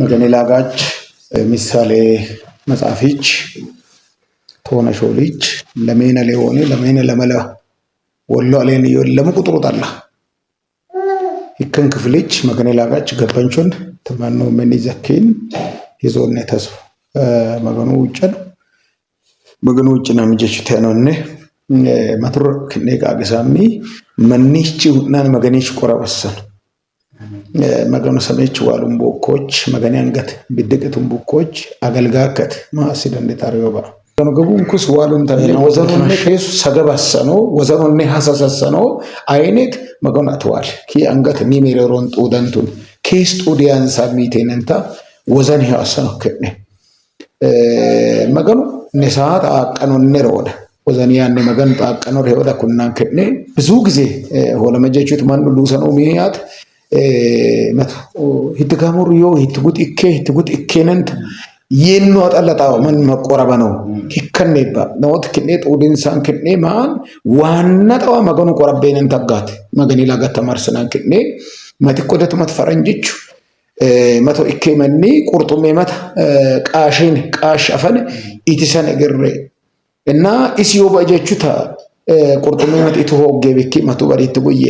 መገኔላጋች ምሳሌ መጽሐፊች ቶነሾሊች ለሜነ ሌሆኔ ለሜነ ለመለ ወሎ አሌን ለሙ ቁጥሩ ጣላ ሂከን ክፍልች መገኔላጋች ገበንቹን ትመኑ ምን ዘኪን ይዞን ተስፉ መገኑ ውጭን መገኑ ውጭ ነው ምጀች ተኖነ መትሮ ክኔ ቃግሳሚ መኒች ሁናን መገኔች ቆረበሰን መገኑ ሰሜች bokkoch ቦኮች gate አንገት bokkoch ቦኮች አገልጋከት ማሲድ dandeetare yoo ba'a. ገቡ ኩስ ዋሉንተ ወዘኖኔ ፌሱ ሰገባሰኖ ወዘኖኔ ሀሰሰሰኖ አይኔት መጎናትዋል አንገት ሚሜሮሮን ጡደንቱን ኬስ ጡዲያንሳ ሚቴነንታ ወዘን ሄዋሰኖ ክድነ መገኑ ኔሳት አቀኖ ኔሮወደ ወዘን ያኔ መገን ጣቀኖ ሄወደ ኩናን ክድኔ ብዙ ጊዜ ሆለመጀችት ማኑ ሉሰኖ ሚያት itti yoo itti guxikkee itti guxikkeenanta yennoo dhalataa man maqorabanoo hikkanneebba namoota kennee xuudin isaan kennee maan waannatawa maganu qorabeenanta aggaate maganii lagatta marsanaan kennee mati qodatu mata faranjichu mato ikkee manni qurxummee mata qaashiin qaash afane itisan egerree እና ኢስዮ በጀቹታ ቁርጡሜ መጢቱ ሆጌ ቤኪ መቱ በሪት ጉዬ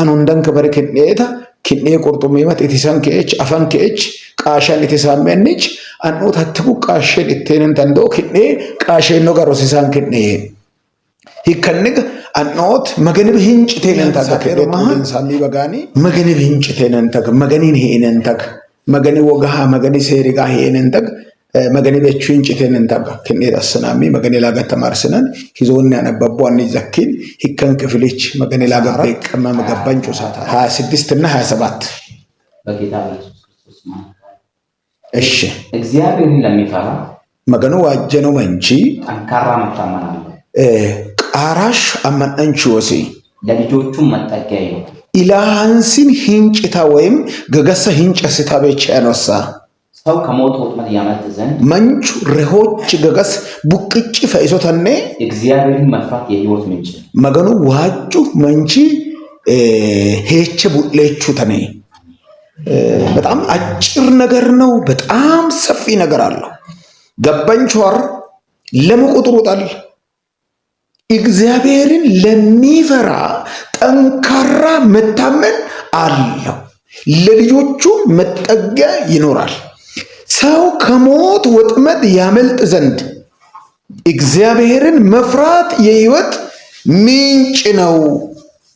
አኑንደንክ በርክኔታ kin'ee qurxummiimat itti isaan ke'ech afaan ke'ech qaashaan itti isaan meennech annoo tattiku qaasheen itteenen danda'u kin'ee qaasheennoo garoos isaan kin'ee hiikkanniga annoot maganib hinciteenan taga maganib hinciteenan taga maganiin heenen taga magani wogahaa magani seerigaa heenen taga መገኔ ቤችን ጭቴን እንታጋ ክኔ አሰናሚ መገኔ ላጋ ተማርስነን ሂዞን ያነበቡ አንይ ዘኪን ሂከን ክፍልች መገኔ ላጋ በቀመ መገባን ጩሳታ እና 27 እሺ እግዚአብሔርን ለሚፈራ መገኑ ዋጀ ነው መንቺ ጠንካራ ቃራሽ አመን ወሲ ለልጆቹም መጠጊያ ኢላሃንሲን ሂንጭታ ወይም ገገሰ ሂንጨስታ ቤቻ ያነሳ ሰው ከሞት ወጥመድ ያመልጥ ዘንድ መንቹ ሬሆች ገገስ ቡቅጭ ፈይሶተኔ እግዚአብሔርን መፍራት የህይወት ምንጭ መገኑ ዋጩ መንቺ ሄች ቡሌቹ ተኔ በጣም አጭር ነገር ነው። በጣም ሰፊ ነገር አለው። ገበንቿር ለመቁጥሩ ጣል እግዚአብሔርን ለሚፈራ ጠንካራ መታመን አለው። ለልጆቹ መጠጊያ ይኖራል። ሰው ከሞት ወጥመድ ያመልጥ ዘንድ እግዚአብሔርን መፍራት የህይወት ምንጭ ነው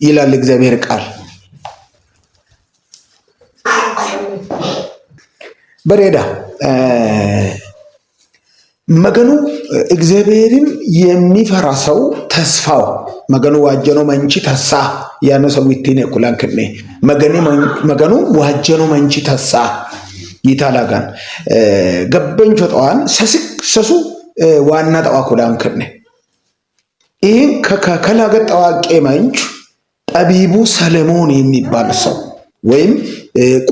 ይላል እግዚአብሔር ቃል። በሬዳ መገኑ እግዚአብሔርን የሚፈራ ሰው ተስፋው መገኑ ዋጀኖ መንቺ ተሳ ያነ ሰው ይቴኔ ኩላንክኔ መገኑ ዋጀኖ መንቺ ተሳ ይታላጋን ገበንቾ ጠዋን ሰስክ ሰሱ ዋና ጠዋ ኮዳን ከነ ይህን ከከላገ ጠዋ ቄማንች ጠቢቡ ሰለሞን የሚባል ሰው ወይም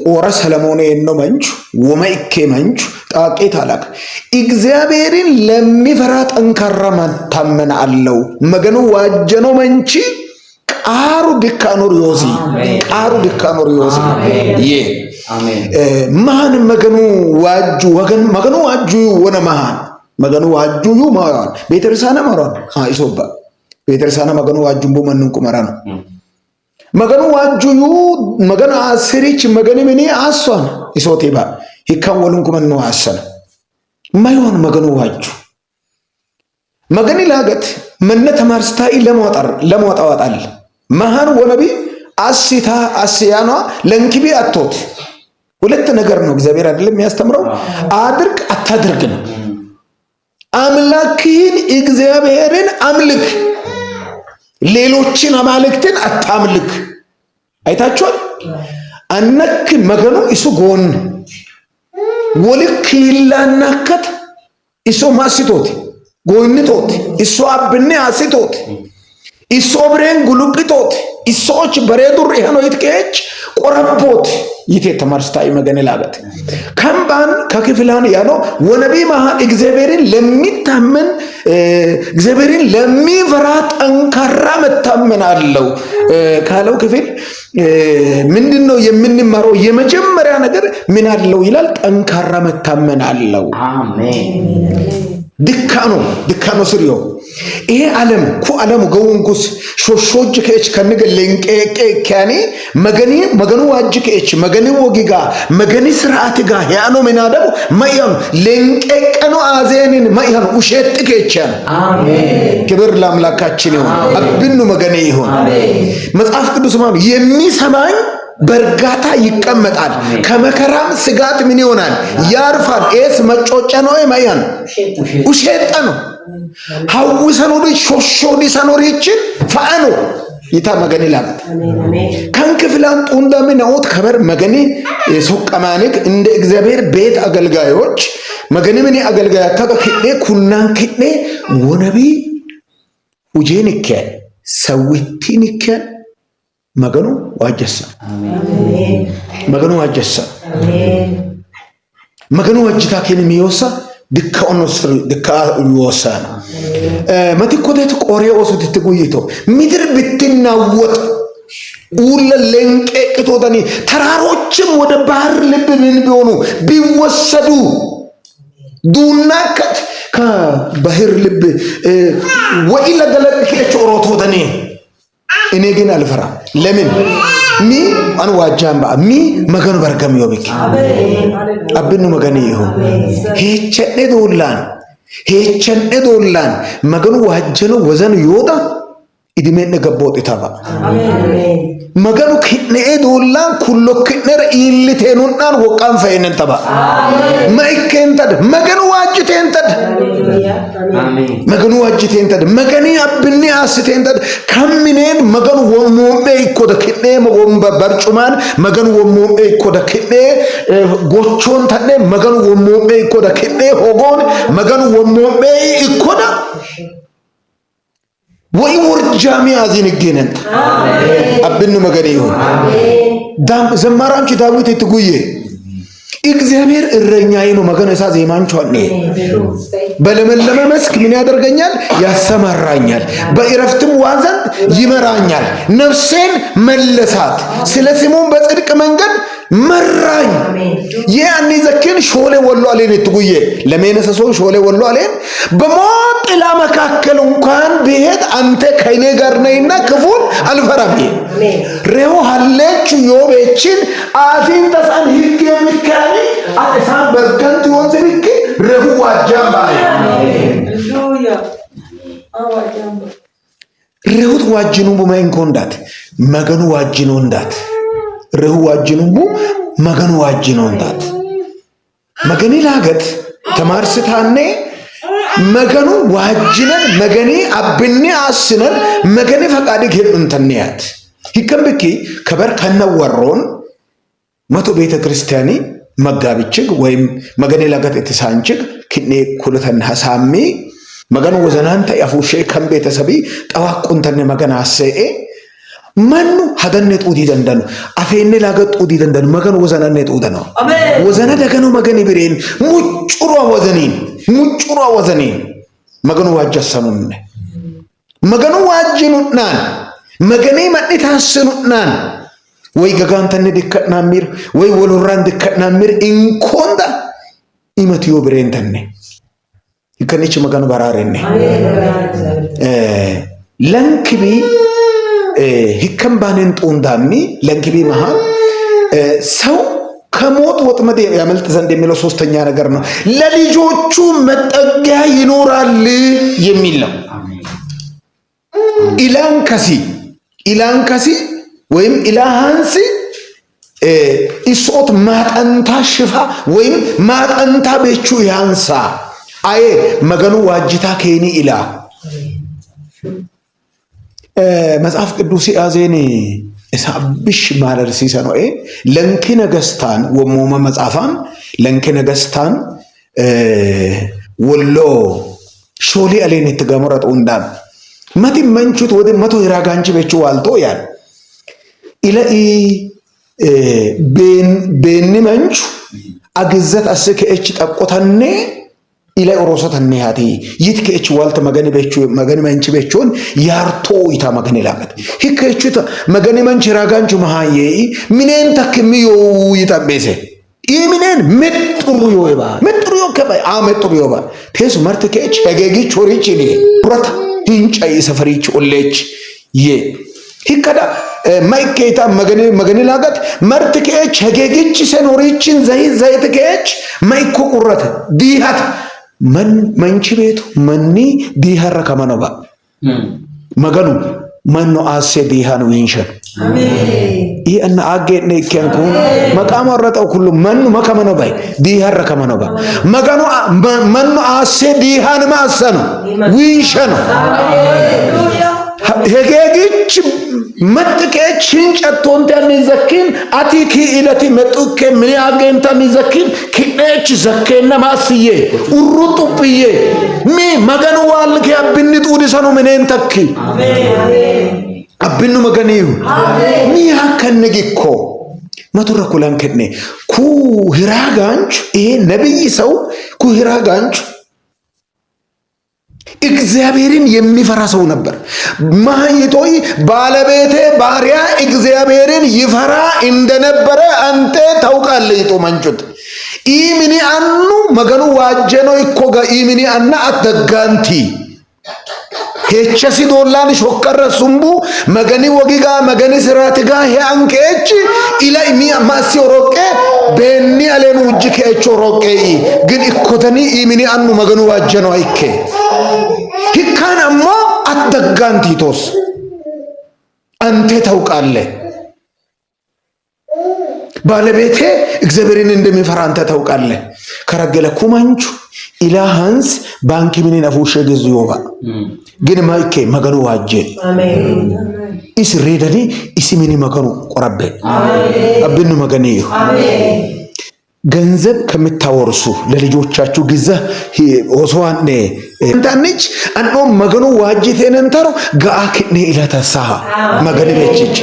ቆረ ሰለሞን የነው መንች ወመይኬ መንች ጣቄ ታላቅ እግዚአብሔርን ለሚፈራ ጠንካራ መታመን አለው መገኑ ዋጀኖ መንቺ ቃሩ ቢካኖር ዮዚ ቃሩ ቢካኖር ዮዚ ይህ መሃን መገኑ ዋጁ መገኑ ዋጁ ወነ መሃን መገኑ ዋጁ ዩ ቤተርሳነ ማራን አይሶባ ቤተርሳነ መገኑ ዋጁ ቡ መንንቁ ነው መገኑ ዋጁ ዩ አስሪች መገን ምን አሷን ይሶቴባ ይካን ወሉንኩ ዋሰነ ማይሆን መገኑ ዋጁ መገኒ ላገት መነ ተማርስታኢ ለመወጣር ለመወጣዋጣል መሃን ወነቢ አሲታ አስያኗ ለንኪቢ አቶት ሁለት ነገር ነው እግዚአብሔር አይደለም የሚያስተምረው፣ አድርግ አታድርግ ነው። አምላክህን እግዚአብሔርን አምልክ፣ ሌሎችን አማልክትን አታምልክ። አይታችኋል። አነክ መገኑ እሱ ጎን ወልክ ይላናከት እሱ ማስቶት ጎንቶት እሱ አብኔ አስቶት እሱ ብሬን ጉሉቅቶት ኢሰዎች በሬዱር የሆኖይት ከች ቆረቦት ይቴ ተመርስታዊ መገን ላበት ከምባን ከክፍላን ያለው ወነቢ መሃል እግዚአብሔርን ለሚታምን እግዚአብሔርን ለሚፈራ ጠንካራ መታምን አለው ካለው ክፍል ምንድን ነው የምንማረው? የመጀመሪያ ነገር ምን አለው ይላል። ጠንካራ መታመን አለው። ድካኖ ድካኖ ስርዮ ይሄ ዓለም ኩ ዓለሙ ገውንጉስ ሾሾጅ ከች ከንገለንቄቄ ከያኔ መገኒ መገኑ ዋጅ ከች መገኒ ወጊጋ መገኒ ስርዓት ጋ ያኖ መናደቡ መያኑ ለንቄቀኑ አዜንን መያኑ ውሸት ከች ያኑ ክብር ለአምላካችን ይሁን። አብኑ መገኔ ይሁን። መጽሐፍ ቅዱስ የሚሰማኝ በእርጋታ ይቀመጣል። ከመከራም ስጋት ምን ይሆናል? ያርፋል። ኤስ መጮጨ ነው የማያ ነው ውሸጠ ነው ሐውሰን ወደ ሾሾ ሊሰኖር ይችን ፈአኖ ይታ መገኒ ላበት ከንክፍላን ጡንዳሚ ናኦት ከበር መገኒ ሶቀማኒክ እንደ እግዚአብሔር ቤት አገልጋዮች መገኒ ምን አገልጋይ ተቀ ክዴ ኩናን ክዴ ወነቢ ውጄን ይከያል ሰዊቲን ይከያል ಮಗನು ವಾಜ್ಯಸ್ಸ ಮಗನು ವಾಜ್ಯಸ್ಸ ಮಗನು ವಜ್ಜಿತಾಕೇನ್ ಮಿಯೋಸ ದಿಕ್ಕವನ್ನು ದಿಕ್ಕ ዮሰ መትኮቴት ቆሬ ኦሱትት ጉይቶ ምድር ብትናወጥ ውለ ለንቄቅቶተኒ ተራሮችም ወደ ባህር ልብ ምን ቢሆኑ ቢወሰዱ ዱና ከባህር ልብ ወኢለ ገለቅኬች ኦሮቶተኒ እኔ ግን አልፈራ። ለምን ሚ አንዋጃን ባ ሚ መገኑ በርገም ዮብክ አብኑ መገን ይሁን ሄቸኔ ዶላን ሄቸኔ ዶላን መገኑ ዋጀኑ ወዘኑ ይወጣ idimeen gabboot itaba. Maganu kitnee duullaan kullokkitnera iilliteenuudhaan hoqqaan fe'inen taba. Ma ikkeen tad maganu waajjiteen tad. Maganu waajjiteen tad maganii abbinni aasiteen tad kammineen maganu wommoomee ikkoda kitnee barcumaan maganu wommoomee ikkoda kitnee gochoon tadhee maganu wommoomee ikkoda kitnee hogoon maganu wommoomee ikkoda. ወይ ውርጃሚ አዚን አብን መገኔ ይሁን ዳም ዘማራም ዳዊት ትጉዬ እግዚአብሔር እረኛዬ ነው መገነ እሳ ዜማንቿን በለመለመ መስክ ምን ያደርገኛል? ያሰማራኛል። በእረፍትም ውኃ ይመራኛል። ነፍሴን መለሳት። ስለ ስሙም በጽድቅ መንገድ መራኝ የአኔ ዘኬን ሾሌ ወሎ አሌን የትጉዬ ለሜነሰሶን ሾሌ ወሎ አሌን በሞት ጥላ መካከል እንኳን ብሄድ አንተ ከእኔ ጋር ነይና ክፉን አልፈራም። ሬው ሀሌች ዮቤችን አፊን ተሳን ህግ የሚካኒ አሳን በርከንት ወንዝ ልክ ሬሁ ዋጃም ባለ ዋጅኑ ቡማይንኮ እንዳት መገኑ ዋጅኑ እንዳት ርህ ዋጅን እምቡ መገን ዋጅ ነው እንታት መገኒ ላገት ተማርስታኔ መገኑ ዋጅነን መገኒ አብኒ አስነን መገኒ ፈቃድ ግን እንተንያት ሂከምብኪ ከበር ከነወሮን መቶ ቤተ ክርስቲያኒ መጋብችግ ወይም መገኔ ለገት እትሳንችግ ክኔ ኩልተን ሀሳሚ መገን ወዘናንተ ያፉሼ ከም ቤተሰቢ ጠዋቁንተን መገን አሰኤ መኑ ሀገነ ጡት ይደንደኑ አፌኔ ላገ ጡት ይደንደኑ መገን ወዘናነ ነው ወዘነ ደገኑ መገን ብሬን ሙጭሯ ወዘኔን ሙጭሯ ወዘኔን መገኑ ዋጅ አሰሙምነ መገኑ ዋጅኑናን መገኔ መድታንስኑናን ወይ ገጋንተን ድከና ድከናሚር ወይ ወሎራን ድከና ድከናሚር እንኮንዳ ኢመትዮ ብሬን ተነ ይከንች መገኑ በራሬነ ለንክቢ ሂከምባንን ጦንዳሚ ለንኪቢ መሃል ሰው ከሞት ወጥመድ ያመልጥ ዘንድ የሚለው ሶስተኛ ነገር ነው። ለልጆቹ መጠጊያ ይኖራል የሚል ነው። ኢላንከሲ ኢላንከሲ ወይም ኢላሃንሲ ኢሶት ማጠንታ ሽፋ ወይም ማጠንታ ቤቹ ያንሳ አዬ መገኑ ዋጅታ ኬኒ ኢላ መጽሐፍ ቅዱስ ያዜን እሳብሽ ማለርሲሰ ነው ለንኪ ነገስታን ወሞመ መጽሐፋን ለንኪ ነገስታን ወሎ ሾሊ አሌን ትገመረጡ እንዳን መቲ መንቹት ወደ መቶ ሂራጋንቺ ቤቹ ዋልቶ ያል ኢለኢ ቤኒ መንቹ አግዘት አስከ እች ጠቆታኔ ኢላ ኦሮሶተ ሚያቴ ይትከች ዋልተ መገን በቹ መገን መንች በቹን ያርቶ ይታ መገን ላከት ህከቹታ መገን መንች ራጋንቹ መሃዬ ሚኔን ተክሚዮ ይጣበሰ ይምኔን መጥሩ ይወባ መጥሩ ይከባ አ መጥሩ ይወባ ቴስ ማርት ከች ሄገጊ ቾሪች ኒ ፕሮታ ድንጫይ ሰፈሪች ኦሌች የ ህከዳ ማይከታ መገን መገን ላገት መርት ከች ሄገጊች ሰኖሪችን ዘይ ዘይት ከች ማይኮ ቁረት ዲሃት manchi beetu manni diiharra kamano ba'a. Maganu mannoo aassee diihaanu hin shanu. ይህ እና አጌት ነው ይከንኩ መቃም ወረጠው ሁሉ መኑ መከመኖ ባይ ዲሃር ከመኖ ባ መገኑ መኑ አሴ ዲሃን ማሰ ነው ዊሸ ነው ሄጌግች መጥቄችን ጨቶንተን ዘኪን አቲ ክኢለቲ መጡኬ ምን አገኝተን ዘኪን ኪኔች ዘኬነ ማስዬ ኡሩ ጡጵዬ ሚ መገኑ ዋልክ አብኒ ጡድሰኑ ምኔን ተኪ አብኑ መገኒዩ ሚ ሀከንግ መቱረ ኩላን ከኔ ኩ ሂራ ጋንች ይሄ ነብይ ሰው ኩ ሂራ ጋንች እግዚአብሔርን የሚፈራ ሰው ነበር። ማይቶይ ባለቤቴ ባሪያ እግዚአብሔርን ይፈራ እንደነበረ አንተ ታውቃለህ። ጦማንጩት ኢሚኒ አኑ መገኑ ዋጀ ዋጀኖ ይኮጋ ኢሚኒ አና አተጋንቲ ሄቸሲ ዶላን ሾከረ ሱምቡ መገኒ ወጊጋ መገኒ ስራትጋ ሄ ሄአንኬች ኢላ ማሲ ሮቄ በኒ አለኑ ውጅ ከኤቾ ሮቄ ግን ኢኮተኒ ኢሚኒ አኑ መገኑ ዋጀ ነው አይኬ ሂካን አሞ አትደጋን ቲቶስ አንተ ታውቃለህ፣ ባለቤቴ እግዚአብሔርን እንደሚፈራ አንተ ታውቃለህ። ከረገለ ኩማንቹ ኢላሃንስ ባንኪ ምን ነፉሽ ገዝ ይወባ ግን ማይኬ መገኑ አሜን ኢስ ሬደኒ ኢስ ሚኒ መገኑ ቆረቤ አብኑ አሜን ገንዘብ ከምታወርሱ ለልጆቻችሁ ግዘ ሆስዋኔ እንታንች አንኖ መገኑ ዋጅቴነንተሮ ገአክኔ ኢለተሳሃ መገን ቤችች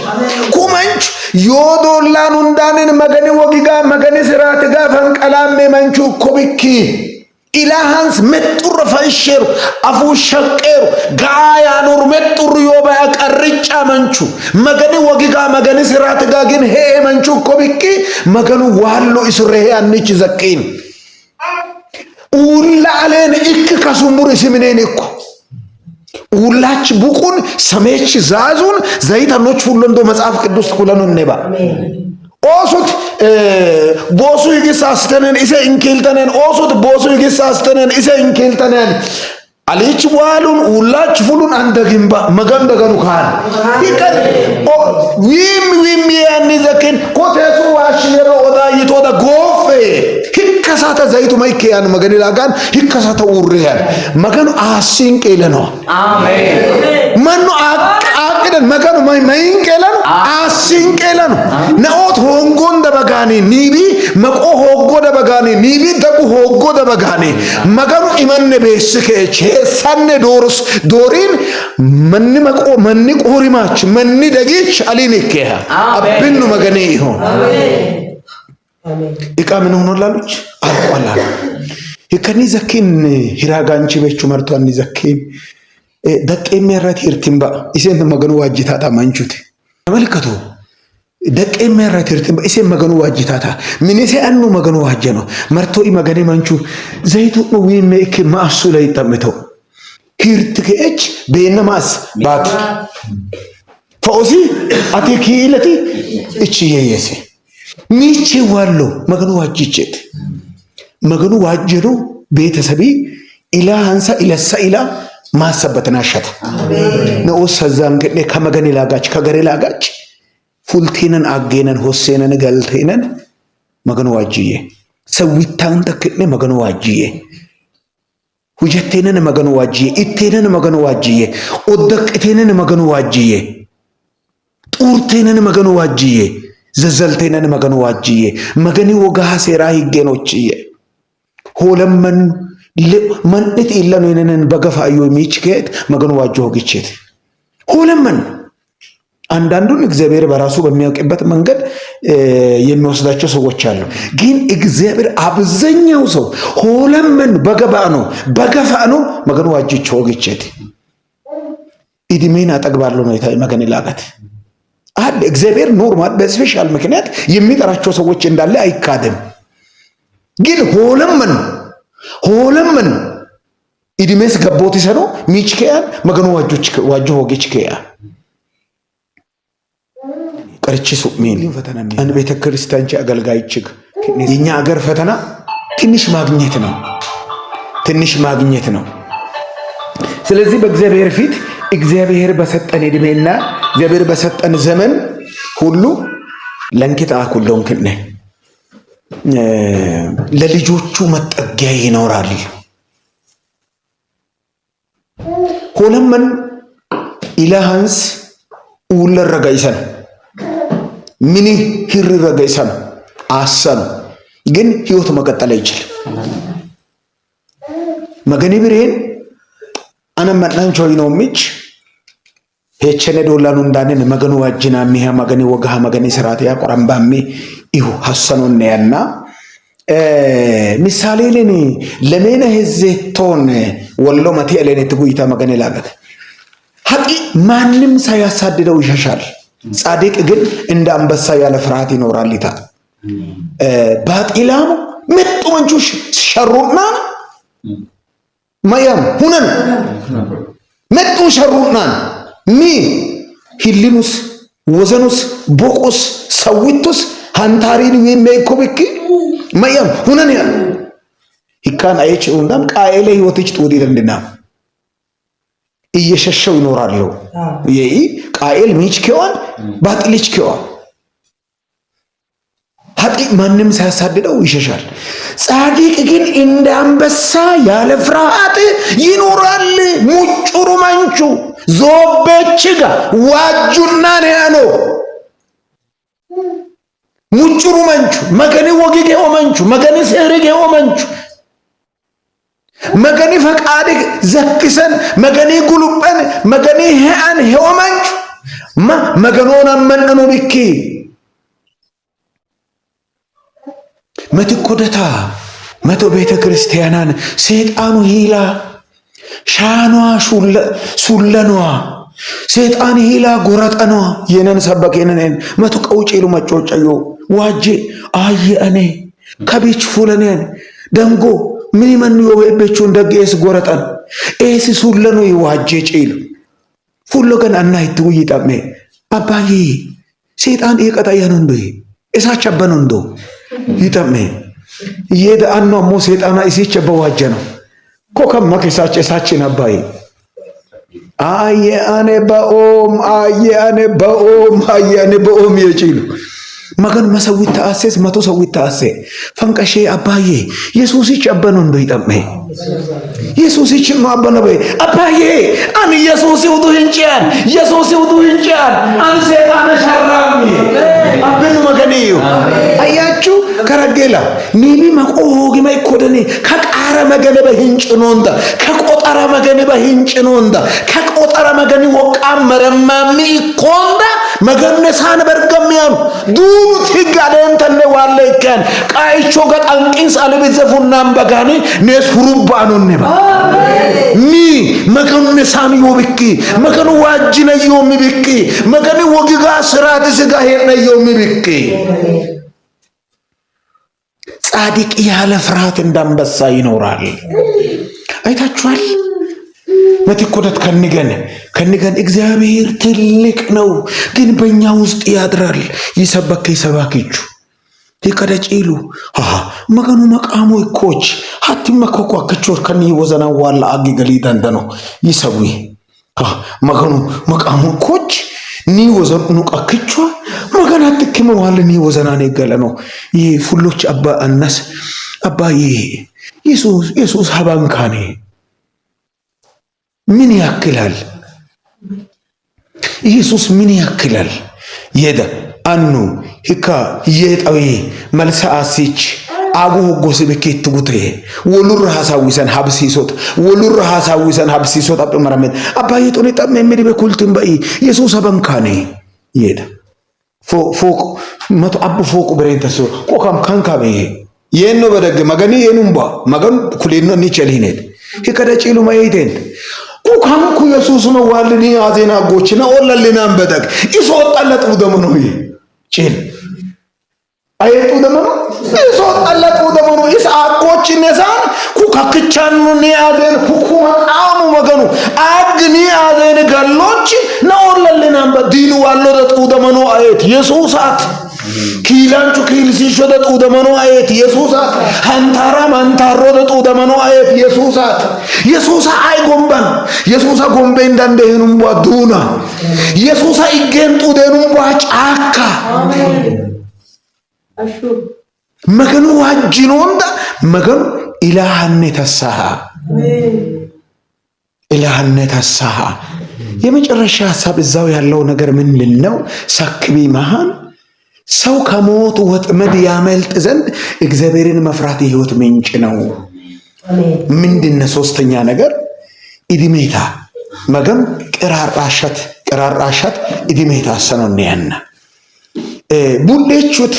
ኩመንች ዮዶላን ሁንዳንን መገን ወጊጋ መገን ስራት ጋ ፈንቀላሜ መንቹ ኮብኪ ኢላሃንስ መጡር ፈንሼሩ አፉ ሸቀሩ ገአ ያኑር መጡር ዮባ ቀርጫ መንቹ መገኒ ወጊጋ መገኒ ስራት ጋግን ሄ መንቹ እኮ መገኑ ዋሎ ኢሱሬ አንች ዘቂን ኡላ አሌን እክ ከሱሙር ስምኔን እኮ ኡላች ቡቁን ሰሜች ዛዙን ዘይተኖች ሁሉ እንዶ መጽሐፍ ቅዱስ ኩለኑ ነባ ኦሱት boosu higissaastenen ise inkiiltenen oosut boosu higissaastenen ise inkiiltenen አሊች ዋሉን ውላች ፉሉን አንደ ግንባ መገም ደገኑ ካል ይቀር ዊም ዊም ያን ዘክን ኮቴሱ ዋሽኔሮ ኦዳ ይቶዳ ጎፌ ሂከሳተ ዘይቱ ማይክ ያን መገን ላጋን ሂከሳተ ኡሬ ያን መገኑ አሲን ቄለኖ አሜን መኑ አቅደን መገኑ ማይን ቄለኖ አሲን ቄለኖ ነኦት ሆንጎን dhabagaanii niibii maqoo hoggoo dhabagaanii niibii daqu hoggoo dhabagaanii maganu imanne beessi kee cheessanne doorus dooriin manni maqoo manni qoorimaach manni dagiich aliin ikkeha abbinnu maganii ihoon iqa ምን ሆኖላሉች አልቋላሉ ከኒ ዘኪን ሂራጋንቺ በቹ መርቶ አኒ ዘኪን ደቄ የሚያረት ሂርቲንባ ኢሴን መገኑ ዋጅታ ጣማንቹት ተመልከቱ ደቄመ irra tirte isin maganuu waajjitaata minise annu maganuu waajjeno martoo i magane manchu zaytu dhuwiime ikke maasu la ixxamme ta'u hirti ke'ech beenamaas baatu fa'osi ati kiilati ichi yeeyese miichee waallo maganuu waajjicheeti maganuu waajjeno ቤተሰቢ ኢላ ሀንሳ ኢለሳ ኢላ ማሰበትን አሸተ ነኦስ ሰዛን ከመገኔ ላጋች ከገሬ ላጋች ፉልቴነን አጌነን ሆሴነን ገልቴነን መገኑ ዋጅዬ ሰዊታን ተክኔ መገኑ ዋጅዬ ሁጀቴነን መገኑ ዋጅዬ እቴነን መገኑ ዋጅዬ ኦደቅቴነን መገኑ ዋጅዬ ጡርቴነን መገኑ ዋጅዬ ዘዘልቴነን መገኑ ዋጅዬ መገኒ ወጋ ሴራ ይገኖችዬ ሆለመን መንት ኢለን ይነንን በገፋዩ የሚችከት መገኑ ዋጅ ሆግቼት ሆለመን አንዳንዱን እግዚአብሔር በራሱ በሚያውቅበት መንገድ የሚወስዳቸው ሰዎች አሉ። ግን እግዚአብሔር አብዛኛው ሰው ሆለምን በገባ ነው በገፋ ነው መገኑ ዋጅች ወግቼት ኢድሜን አጠግባለሁ ነው መገን ላቀት አድ እግዚአብሔር ኖርማል በስፔሻል ምክንያት የሚጠራቸው ሰዎች እንዳለ አይካድም። ግን ሆለምን ሆለምን ኢድሜስ ገቦት ሰኖ ሚችከያን መገኑ ዋጆች ዋጆ ወጌች ከያ ቀርቺ ሚን አን ቤተ ክርስቲያን አገልጋይ ችግ የኛ ሀገር ፈተና ትንሽ ማግኘት ነው፣ ትንሽ ማግኘት ነው። ስለዚህ በእግዚአብሔር ፊት እግዚአብሔር በሰጠን እድሜና እግዚአብሔር በሰጠን ዘመን ሁሉ ለንኪጣ ኩለውን ክነ ለልጆቹ መጠጊያ ይኖራል። ሆለመን ኢላሃንስ ውለረጋይሰን ምን ህርረገ ሰነ አሰኑ ግን ህይወት መቀጠል አይችልም። መገኒ ብሬን አነ መናን ቾሪ ነው ምች ሄቸነ ዶላኑ እንዳንን መገኑ ዋጅና ሚያ መገኒ ወጋ መገኒ ስራት ያ ቆራምባሚ ይሁ ሀሰኑ ነያና ምሳሌ ለኒ ለሜነ ህዝቶን ወሎ መቴ ለኔ ትጉይታ መገኒ ላገተ ሀቂ ማንም ሳያሳድደው ይሸሻል። ጻድቅ ግን እንደ አንበሳ ያለ ፍርሃት ይኖራል ይላል። ባጢላሙ መጡ መንቹ ሸሩና ማያም ሁነን መጡ ሸሩናን ሚ ሂሊኑስ ወዘኑስ ቦቁስ ሰዊቱስ ሃንታሪን የሚያይኮብክ ማያም ሁነን ያ ይካን አይች ኡንዳም ቃኤለ ህይወትች ጥውዲ ደንድና እየሸሸው ይኖራሉ። ይህ ቃኤል ሚች ኪዋን ባጥሊች ኪዋን ሀጢ ማንም ሳያሳድደው ይሸሻል። ጻድቅ ግን እንደ አንበሳ ያለ ፍርሃት ይኖራል። ሙጩሩ ማንቹ ጋ ዋጁና ነያኖ ሙጩሩ መንቹ መገኒ ወግጌ ኦመንቹ መገኒ ሴርጌ ኦመንቹ መገኒ ፈቃድ ዘክሰን መገኒ ጉሉበን መገኒ ሄአን ሄኦመንች መገኖን አመንእኑ ብኪ መትኮደታ መቶ ቤተ ክርስቲያናን ሴጣኑ ሂላ ሻኗ ሱለኗ ሴጣን ሂላ ጎረጠኗ የነን ሰበክ ሰበኬነን መቶ ቀውጪሉ መጮጨዮ ዋጄ አየ እኔ ከቢች ፉለኔን ደንጎ ምን የበችውን ደግ ኤስ ጎረጠን ኤስ ሱለኑ ዋጄ ጪል ፉሎ ገን አና ይትው ይጣሜ አባዬ ሴጣን ኤቀጣ ያነን እንዶ እሳች አበነን እንዶ ይጣሜ የደ አኖ ሞ ሴጣና እሲች በዋጀ ነው ኮከም መከሳች እሳችን አባዬ አየ አኔ በኦም አየ አኔ በኦም አየ አኔ በኦም የጪሉ መገኑመ ሰው ተአሴስ መቶ ሰው ተአሴ ፈንቀሼ አባዬ ኢየሱስች አበኖ እንደይጠመ ኢየሱስች ማበነ በይ አባዬ አን ኢየሱስ ይውዱ እንጫን ኢየሱስ ይውዱ እንጫን አን ሰይጣን ሸራሚ አበኑ መገኒዩ አያችሁ ከረጌላ ኒሚ መቆሆግመ ይኮደኒ ከቃረ መገነበ ሂንጭኖንዳ ከቆጠረ መገነበ ሂንጭኖንዳ ከቆጠረ መገኒ ወቃ መረማሚ ይኮንዳ መገነሳን በርገሚያም ዱሩ ህግ አደንተነ ዋለ ይከን ቃይቾ ገጠንቂንስ አለቤዘፉናም በጋኒ ኔስ ሁሩባ አኖኔባ ሚ መገነሳን ዮ ብኪ መገኑ ዋጅነ ዮሚ ብኪ መገኒ ወግጋ ስራት ስጋ ሄነ ዮሚ ብኪ ጻድቅ ያለ ፍርሃት እንዳንበሳ ይኖራል። አይታችኋል። በትኮተት ከንገን ከንገን እግዚአብሔር ትልቅ ነው፣ ግን በእኛ ውስጥ ያድራል። ይሰበከ ይሰባኪቹ ሊቀደ መገኑ መቃሙ ይኮች ሀቲ መኮኮ አክቾር ከኒ ወዘና ዋላ አጊ ገሊ ደንደኖ ይሰዊ መገኑ መቃሙ ይኮች ኒ ወዘኑ ቀክቿ መገና ትክመ ዋለ ኒ ወዘና ኔ ነው ይህ ፉሎች አባ አነስ አባ ይህ ኢየሱስ ኢየሱስ ሀባንካኔ ምን ያክላል? ኢየሱስ ምን ያክላል? የደ አኑ ሂካ የጣዊ መልሰአሲች አጉ ሆጎስ በኬት ጉቴ ወሉር ሀሳዊሰን ሀብሲሶት ወሉር ሀሳዊሰን ሀብሲሶት አጥ መረመት አባ የጦኔ ጠም የሚል በኩልትን በኢ ኢየሱስ አበንካኔ የደ ፎቅ መቶ አቡ ፎቅ ብሬን ተሶ ቆካም ካንካ በይ የኖ በደግ መገኒ የኑምባ መገን ኩሌኖ ኒቸል ሂኔት ሂከደ ጪሉ መይቴን ኩካንኩ ኡካምኩ ኢየሱስ መዋልኒ አዜናጎችና ኦለልናን በደግ ይሶጣለጡ ደሞ ነው ይችል አይጡ ደሞ ነው ይሶጣለጡ ደሞ ነው አቆች ነሳን ኩካክቻኑ ኒያዘን ኩኩማ አሙ መገኑ አግኒ አዘን ገሎች ነው ኦለልናን በዲኑ ዋሎ ደጡ ደሞ ነው አይት የሱስ አት ኪላንቹ ኪልሲሾ ደጡ ደመኖ አየት የሱሳት ሀንታራ ማንታሮ ደጡ ደመኖ አየት የሱሳት የሱሳ አይ ጎንበን የሱሳ ጎንቤ እንዳንደህኑም ቧ ዱና የሱሳ ይገን ጡደኑም ቧ ጫካ መገኑ ዋጅኖ እንዳ መገኑ ኢላሃኔ ተሳሃ ኢላሃኔ ተሳሃ የመጨረሻ ሀሳብ እዛው ያለው ነገር ምንድን ነው? ሳክቢ መሃን ሰው ከሞት ወጥመድ ያመልጥ ዘንድ እግዚአብሔርን መፍራት የህይወት ምንጭ ነው። ምንድነ ሶስተኛ ነገር ኢድሜታ መገም ቅራራሸት ቅራራሸት ኢድሜታ ሰኖን ያነ ቡሌቹት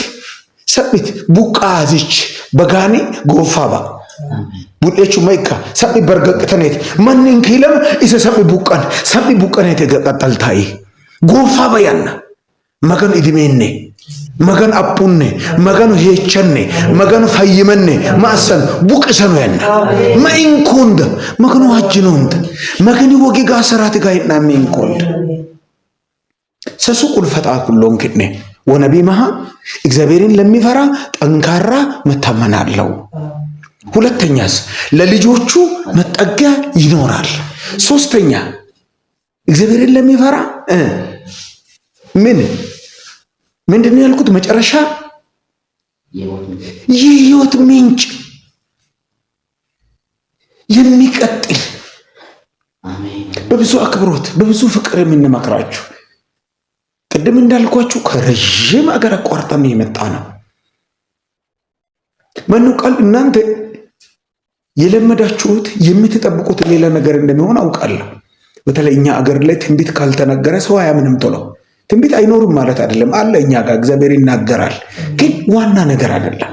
ሰቢት ቡቃዝች በጋኒ ጎፋባ ቡሌቹ ማይካ ሰቢ በርገቅተኔት ማንን ኪለም ኢሰ ሰቢ ቡቃን ሰቢ ቡቀኔት ገቀጠልታይ ጎፋባ ያነ መገም ኢድሜኔ መገን አቡነ መገን ሄቸነ መገን ፈይመኔ ማሰን ቡቅሰኑ የነ መኢንኩንደ መገኑ ዋጅኑንደ መገኒ ወጊ ጋር ሰራት ጋር ይናሜ ኢንኩንደ ሰሱ ቁልፈጣ ኩሎን ክድኔ ወነቢ መሃ እግዚአብሔርን ለሚፈራ ጠንካራ መታመን አለው። ሁለተኛስ ለልጆቹ መጠጊያ ይኖራል። ሶስተኛ እግዚአብሔርን ለሚፈራ ምን ምንድን ነው ያልኩት? መጨረሻ የህይወት ምንጭ የሚቀጥል በብዙ አክብሮት በብዙ ፍቅር የምንመክራችሁ ቅድም እንዳልኳችሁ ከረዥም አገር አቋርጠን የመጣ ነው። መኑ ቃል እናንተ የለመዳችሁት የምትጠብቁት ሌላ ነገር እንደሚሆን አውቃለሁ። በተለይ እኛ አገር ላይ ትንቢት ካልተነገረ ሰው አያምንም ቶሎ ትንቢት አይኖርም ማለት አይደለም። አለ እኛ ጋር እግዚአብሔር ይናገራል፣ ግን ዋና ነገር አይደለም።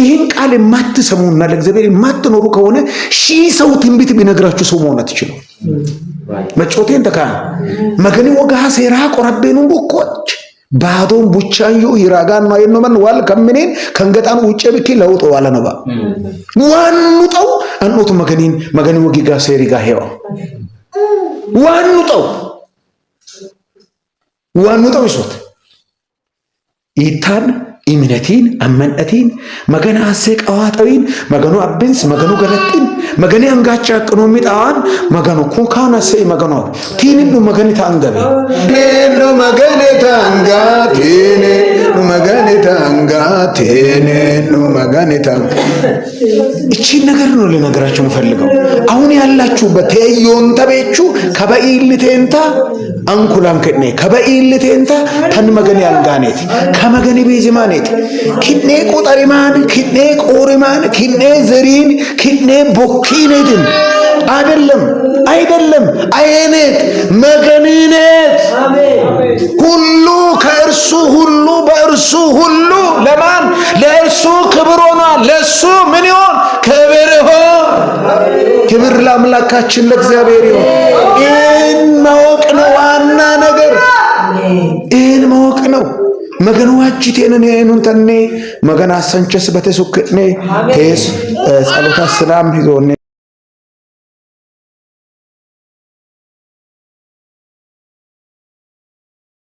ይህን ቃል የማትሰሙና ለእግዚአብሔር የማትኖሩ ከሆነ ሺህ ሰው ትንቢት ቢነግራችሁ ሰው መሆን አትችሉ። መጮቴን ተካ መገኒ ወጋሃ ሴራ ቆረቤኑ ቦኮች ባዶን ቡቻዮ ይራጋን ማየኖመን ዋል ከምኔን ከንገጣን ውጭ ብኪ ለውጦ ዋለነባ ዋኑ ጠው አንኦቱ መገኒን መገኒ ወጊጋ ሴሪጋ ሄዋ ዋኑ ጠው waan nu taphisuudha. Iittaan iminatiin amman'atiin magana asee qawaatawiin maganuu abbins maganuu galattiin maganee hangaacha akkanuu midhaan maganu kun kaan asee maganuu abbi tiinin nu magani ta'an gabe. Tiinin nu magani ta'an gaa tiinin nu magani ta'an gaa tiinin nu magani ta'an. Ichi ነገር ነው ልነግራችሁ የምፈልገው አሁን ያላችሁበት ተየዮን ተቤቹ ከበኢልቴንታ አንኩላን ከድኔ ከበኢል ቴንተ ተን መገን ያልጋኔት ከመገን ቤዝማኔት ኪድኔ ቆጠሪማን ኪድኔ ቆሪማን ኪድኔ ዘሪን ኪድኔ ቦኪኔድን አይደለም አይደለም፣ አይኔት መገኒኔት ሁሉ ከእርሱ ሁሉ በእርሱ ሁሉ ለማን ለእርሱ ክብር ሆኗል። ለእሱ ምን ይሆን ክብር ይሆን። ክብር ለአምላካችን ለእግዚአብሔር ይሆን። ይህን ማወቅ ነው ዋና ነገር፣ ይህን ማወቅ ነው። መገን ዋጅቴንን ተኔ መገና ሰንቸስ በተሱክኔ ቴስ ጸሎታ ስላም ይዞኔ